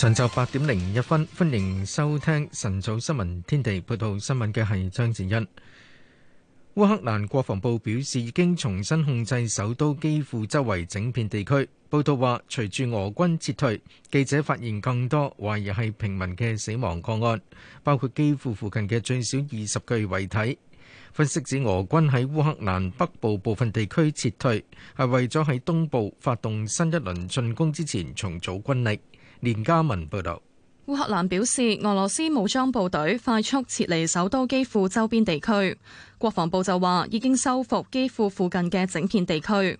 上晝八點零一分，歡迎收聽晨早新聞天地。報道新聞嘅係張志恩。烏克蘭國防部表示，已經重新控制首都基輔周圍整片地區。報道話，隨住俄軍撤退，記者發現更多懷疑係平民嘅死亡個案，包括基輔附近嘅最少二十具遺體。分析指，俄軍喺烏克蘭北部部分地區撤退，係為咗喺東部發動新一輪進攻之前重組軍力。連家文報道，烏克蘭表示，俄羅斯武裝部隊快速撤離首都基輔周邊地區，國防部就話已經收復基輔附近嘅整片地區。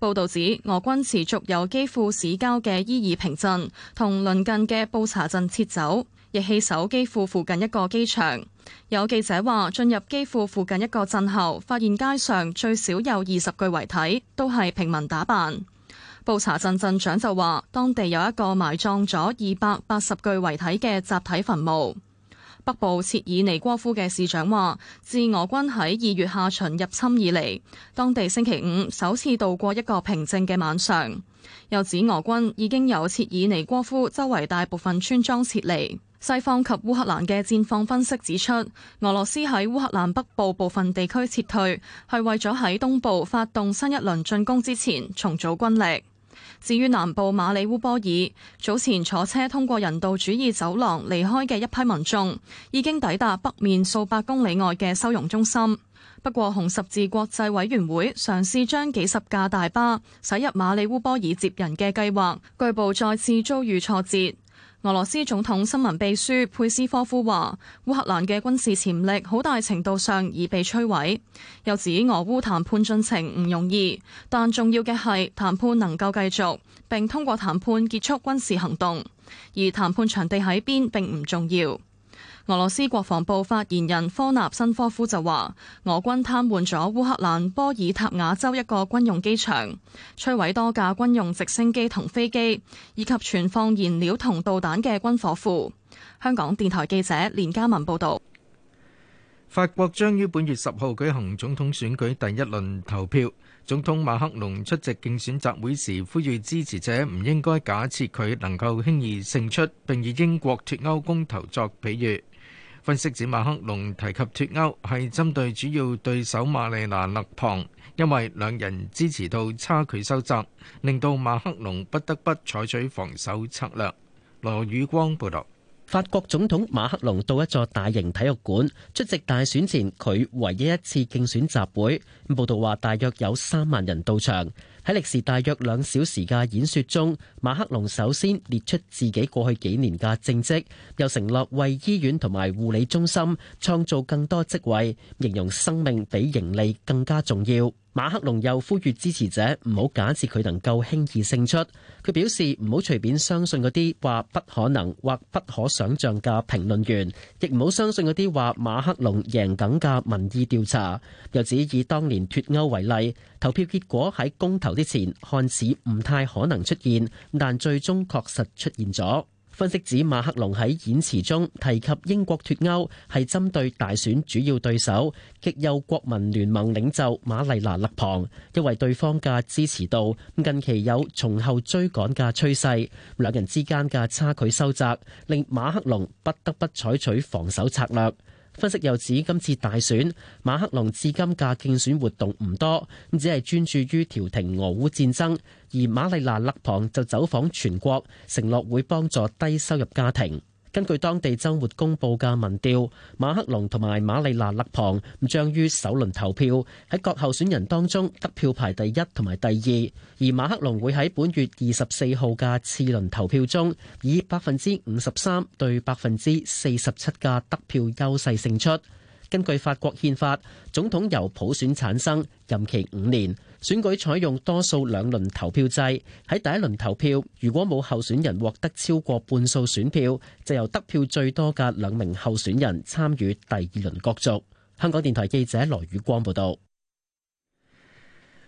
報道指，俄軍持續由基輔市郊嘅伊爾平鎮同鄰近嘅布查鎮撤走，亦棄守基輔附近一個機場。有記者話，進入基輔附近一個鎮後，發現街上最少有二十具遺體，都係平民打扮。布查鎮鎮長就話當地有一個埋葬咗二百八十具遺體嘅集體墳墓。北部切爾尼戈夫嘅市長話，自俄軍喺二月下旬入侵以嚟，當地星期五首次度過一個平靜嘅晚上。又指俄軍已經由切爾尼戈夫周圍大部分村莊撤離。西方及烏克蘭嘅戰況分析指出，俄羅斯喺烏克蘭北部部分地區撤退係為咗喺東部發動新一輪進攻之前重組軍力。至於南部馬里烏波爾，早前坐車通過人道主義走廊離開嘅一批民眾，已經抵達北面數百公里外嘅收容中心。不過紅十字國際委員會嘗試將幾十架大巴駛入馬里烏波爾接人嘅計劃，據報再次遭遇挫折。俄羅斯總統新聞秘書佩斯科夫話：烏克蘭嘅軍事潛力好大程度上已被摧毀。又指俄烏談判進程唔容易，但重要嘅係談判能夠繼續，並通過談判結束軍事行動。而談判場地喺邊並唔重要。俄羅斯國防部發言人科納申科夫就話：俄軍癱瘓咗烏克蘭波爾塔瓦州一個軍用機場，摧毀多架軍用直升機同飛機，以及存放燃料同導彈嘅軍火庫。香港電台記者連嘉文報道，法國將於本月十號舉行總統選舉第一輪投票，總統馬克龍出席競選集會時，呼籲支持者唔應該假設佢能夠輕易勝出，並以英國脱歐公投作比喻。分析指，馬克龍提及脫歐係針對主要對手馬麗娜勒龐，因為兩人支持度差距收窄，令到馬克龍不得不採取防守策略。羅宇光報道，法國總統馬克龍到一座大型體育館出席大選前佢唯一一次競選集會。報道話，大約有三萬人到場。喺歷時大約兩小時嘅演說中，馬克龍首先列出自己過去幾年嘅政績，又承諾為醫院同埋護理中心創造更多職位，形容生命比盈利更加重要。馬克龍又呼籲支持者唔好假設佢能夠輕易勝出，佢表示唔好隨便相信嗰啲話不可能或不可想像嘅評論員，亦唔好相信嗰啲話馬克龍贏梗嘅民意調查。又指以當年脱歐為例，投票結果喺公投之前看似唔太可能出現，但最終確實出現咗。分析指，馬克龍喺演辭中提及英國脫歐係針對大選主要對手，極右國民聯盟領袖瑪麗娜勒龐，因為對方嘅支持度近期有從後追趕嘅趨勢，兩人之間嘅差距收窄，令馬克龍不得不採取防守策略。分析又指，今次大選，馬克龍至今嘅競選活動唔多，咁只係專注於調停俄烏戰爭，而瑪麗娜·勒龐就走訪全國，承諾會幫助低收入家庭。根據當地周末公佈嘅民調，馬克龍同埋馬里娜勒龐將於首輪投票喺各候選人當中得票排第一同埋第二，而馬克龍會喺本月二十四號嘅次輪投票中，以百分之五十三對百分之四十七嘅得票優勢勝出。根據法國憲法，總統由普選產生，任期五年。選舉採用多數兩輪投票制。喺第一輪投票，如果冇候選人獲得超過半數選票，就由得票最多嘅兩名候選人參與第二輪角逐。香港電台記者羅宇光報道。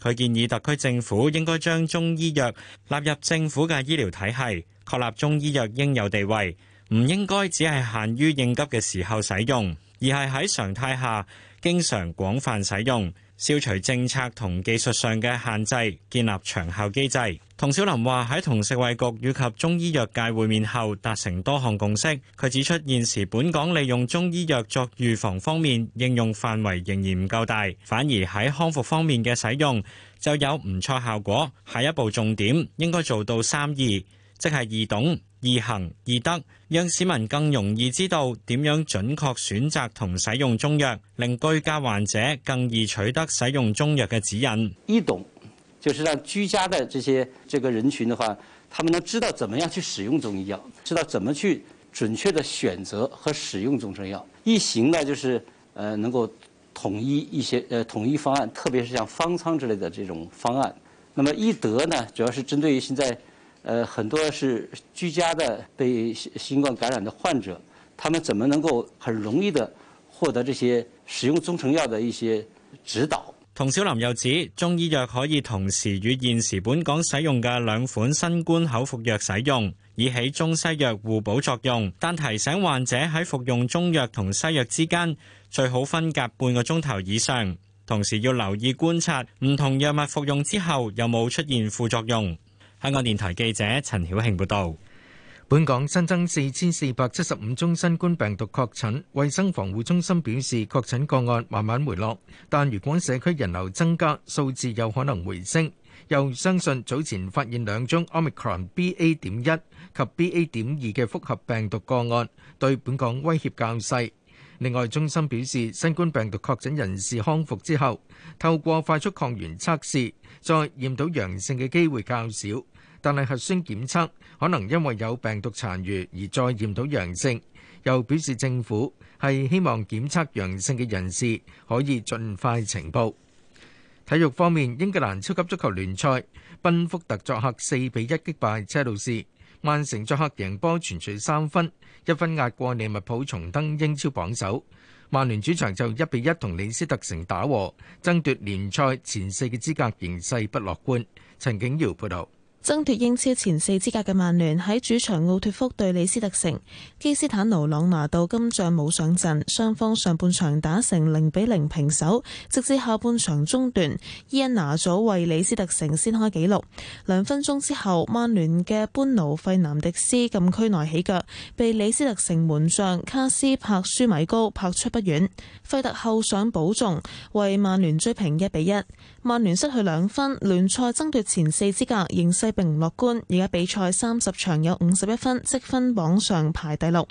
佢建議特區政府應該將中醫藥納入政府嘅醫療體系，確立中醫藥應有地位，唔應該只係限於應急嘅時候使用，而係喺常態下經常廣泛使用。消除政策同技術上嘅限制，建立長效機制。童小林話：喺同食衞局以及中醫藥界會面後，達成多項共識。佢指出，現時本港利用中醫藥作預防方面應用範圍仍然唔夠大，反而喺康復方面嘅使用就有唔錯效果。下一步重點應該做到三二，即係易懂。易行易得，讓市民更容易知道點樣準確選擇同使用中藥，令居家患者更易取得使用中藥嘅指引。易懂，就是讓居家的這些這個人群的話，他們能知道怎麼樣去使用中醫藥，知道怎麼去準確的選擇和使用中成藥。易行呢，就是呃能夠統一一些呃統一方案，特別是像方艙之類的這種方案。那麼易得呢，主要是針對於現在。呃，很多是居家的被新冠感染的患者，他們怎麼能夠很容易地獲得這些使用中成藥的一些指導？童小林又指，中醫藥可以同時與現時本港使用嘅兩款新冠口服藥使用，以起中西藥互補作用。但提醒患者喺服用中藥同西藥之間，最好分隔半個鐘頭以上，同時要留意觀察唔同藥物服用之後有冇出現副作用。香港電台記者陳曉慶報道，本港新增四千四百七十五宗新冠病毒確診，衛生防護中心表示確診個案慢慢回落，但如果社區人流增加，數字有可能回升。又相信早前發現兩宗 Omicron BA.1 及 BA.2 嘅複合病毒個案，對本港威脅較細。另外，中心表示新冠病毒確診人士康復之後，透過快速抗原測試再驗到陽性嘅機會較少。但係核酸檢測可能因為有病毒殘餘而再驗到陽性，又表示政府係希望檢測陽性嘅人士可以盡快呈報。體育方面，英格蘭超級足球聯賽，賓福特作客四比一擊敗車路士，曼城作客贏波，全取三分，一分壓過利物浦，重登英超榜首。曼聯主場就一比一同李斯特城打和，爭奪聯賽前四嘅資格形勢不樂觀。陳景堯報道。爭奪英超前四資格嘅曼聯喺主場奧脱福對里斯特城，基斯坦奴朗拿度今仗冇上陣，雙方上半場打成零比零平手，直至下半場中段，伊恩拿祖為里斯特城先開紀錄，兩分鐘之後，曼聯嘅班奴費南迪斯禁區內起腳，被里斯特城門將卡斯帕舒米高拍出不遠，費特後上補中，為曼聯追平一比一，曼聯失去兩分，聯賽爭奪前四資格形勢並唔樂觀，而家比賽三十場有五十一分，積分榜上排第六。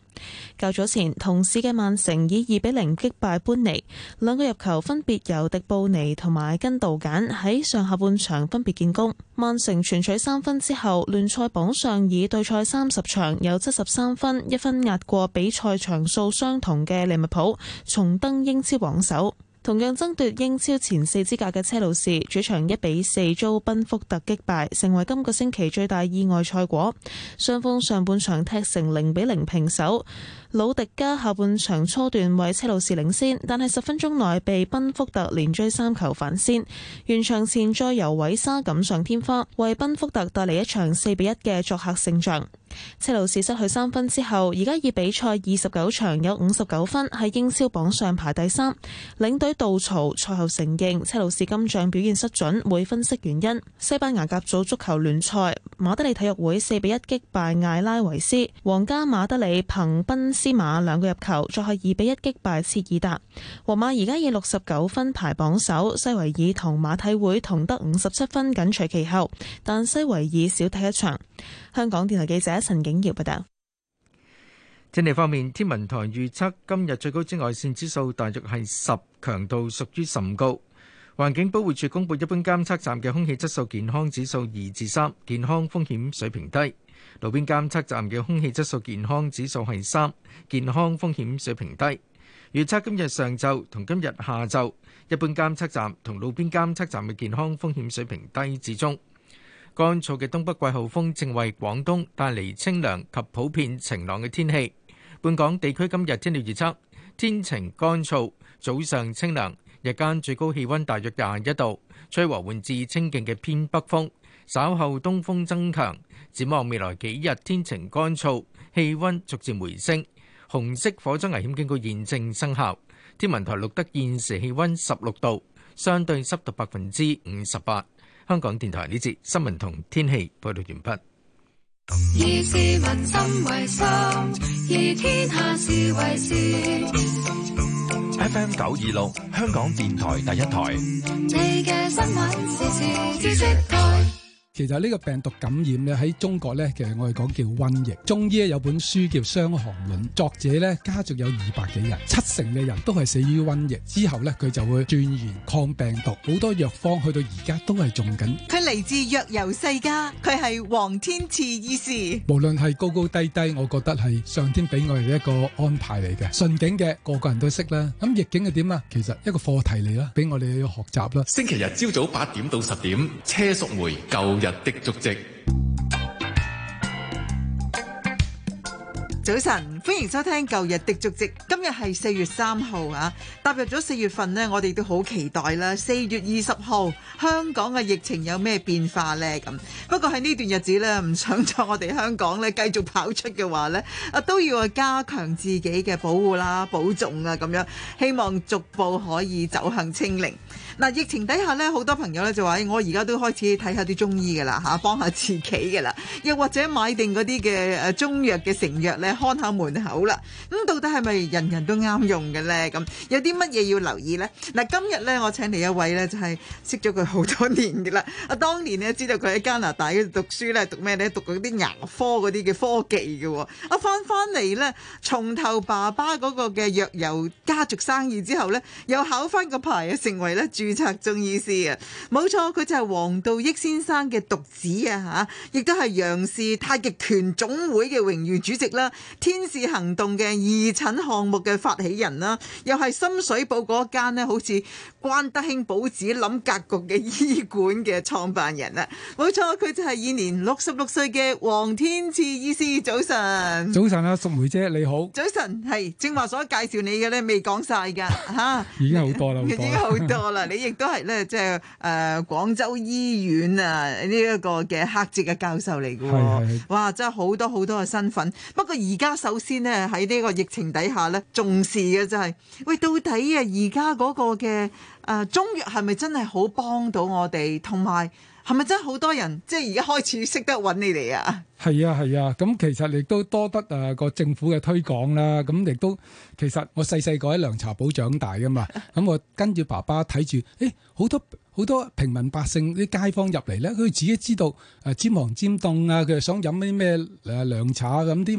較早前，同市嘅曼城以二比零擊敗般尼，兩個入球分別由迪布尼同埋根道簡喺上下半場分別建功。曼城全取三分之後，聯賽榜上以對賽三十場有七十三分，一分壓過比賽場數相同嘅利物浦，重登英超榜首。同樣爭奪英超前四資格嘅車路士主場一比四遭賓福特擊敗，成為今個星期最大意外賽果。雙方上半場踢成零比零平手，魯迪加下半場初段為車路士領先，但係十分鐘內被賓福特連追三球反先，完場前再由韋沙錦上添花，為賓福特帶嚟一場四比一嘅作客勝仗。車路士失去三分之後，而家以比賽二十九場有五十九分喺英超榜上排第三。領隊杜曹賽後承認車路士今仗表現失準，會分析原因。西班牙甲組足球聯賽，馬德里體育會四比一擊敗艾拉維斯，皇家馬德里憑賓斯馬兩個入球，再係二比一擊敗切爾達。皇馬而家以六十九分排榜首，西維爾同馬體會同得五十七分緊隨其後，但西維爾少踢一場。香港電台記者陳景瑤報道。天氣方面，天文台預測今日最高紫外線指數大約係十，強度屬於甚高。環境保護署公布，一般監測站嘅空氣質素健康指數二至三，健康風險水平低；路邊監測站嘅空氣質素健康指數係三，健康風險水平低。預測今日上晝同今日下晝，一般監測站同路邊監測站嘅健康風險水平低至中。乾燥嘅東北季候風正為廣東帶嚟清涼及普遍晴朗嘅天氣。本港地區今日天氣預測：天晴乾燥，早上清涼，日間最高氣温大約廿一度，吹和緩至清勁嘅偏北風。稍後東風增強。展望未來幾日，天晴乾燥，氣温逐漸回升。紅色火災危險警告現正生效。天文台錄得現時氣温十六度，相對濕度百分之五十八。香港電台呢節新聞同天氣報道完畢。以市民心為心，以天下事為事。FM 九二六，香港電台第一台。你嘅新聞時時知識台。其實呢個病毒感染咧喺中國咧，其實我哋講叫瘟疫。中醫咧有本書叫《傷寒論》，作者咧家族有二百幾人，七成嘅人都係死於瘟疫。之後咧，佢就會鑽研抗病毒，好多藥方去到而家都係中緊。佢嚟自藥油世家，佢係黃天賜醫師。無論係高高低低，我覺得係上天俾我哋一個安排嚟嘅順境嘅。個個人都識啦。咁逆境係點啊？其實一個課題嚟啦，俾我哋去學習啦。星期日朝早八點到十點，車淑梅舊日的足跡。早晨，歡迎收聽舊日的足跡。今日係四月三號啊，踏入咗四月份呢，我哋都好期待啦。四月二十號，香港嘅疫情有咩變化呢？咁不過喺呢段日子呢，唔想再我哋香港咧繼續跑出嘅話呢，啊都要加強自己嘅保護啦，保重啊，咁樣希望逐步可以走向清零。嗱，疫情底下咧，好多朋友咧就話，我而家都開始睇下啲中醫噶啦，嚇幫下自己噶啦，又或者買定嗰啲嘅誒中藥嘅成藥咧，看下門口啦。咁到底係咪人人都啱用嘅咧？咁有啲乜嘢要留意呢？嗱，今日咧我請嚟一位咧，就係識咗佢好多年噶啦。阿當年呢，知道佢喺加拿大嗰度讀書咧，讀咩咧？讀嗰啲牙科嗰啲嘅科技嘅喎。阿翻翻嚟咧，從頭爸爸嗰個嘅藥油家族生意之後咧，又考翻個牌啊，成為咧註冊中醫師啊，冇錯，佢就係黃道益先生嘅獨子啊，吓，亦都係楊氏太極拳總會嘅榮譽主席啦，天使行動嘅義診項目嘅發起人啦，又係深水埗嗰間咧，好似關德興寶芝林格局嘅醫館嘅創辦人啦，冇錯，佢就係現年六十六歲嘅黃天賜醫師。早晨，早晨啊，淑梅姐你好。早晨，係正話所介紹你嘅咧，未講晒㗎吓，已經好多啦，已經好多啦，你。亦都係咧，即係誒廣州醫院啊呢一，這個嘅客席嘅教授嚟嘅，是是是哇！真係好多好多嘅身份。不過而家首先咧喺呢個疫情底下咧，重視嘅就係，是，喂到底啊而家嗰個嘅啊、呃、中藥係咪真係好幫到我哋，同埋。係咪真係好多人即係而家開始識得揾你哋啊？係啊係啊，咁、啊、其實亦都多得誒個、啊、政府嘅推廣啦、啊。咁、啊、亦都其實我細細個喺涼茶鋪長大㗎嘛，咁、 嗯、我跟住爸爸睇住，誒、欸、好多好多平民百姓啲街坊入嚟咧，佢自己知道誒、啊、尖寒尖凍啊，佢想飲啲咩誒涼茶咁啲。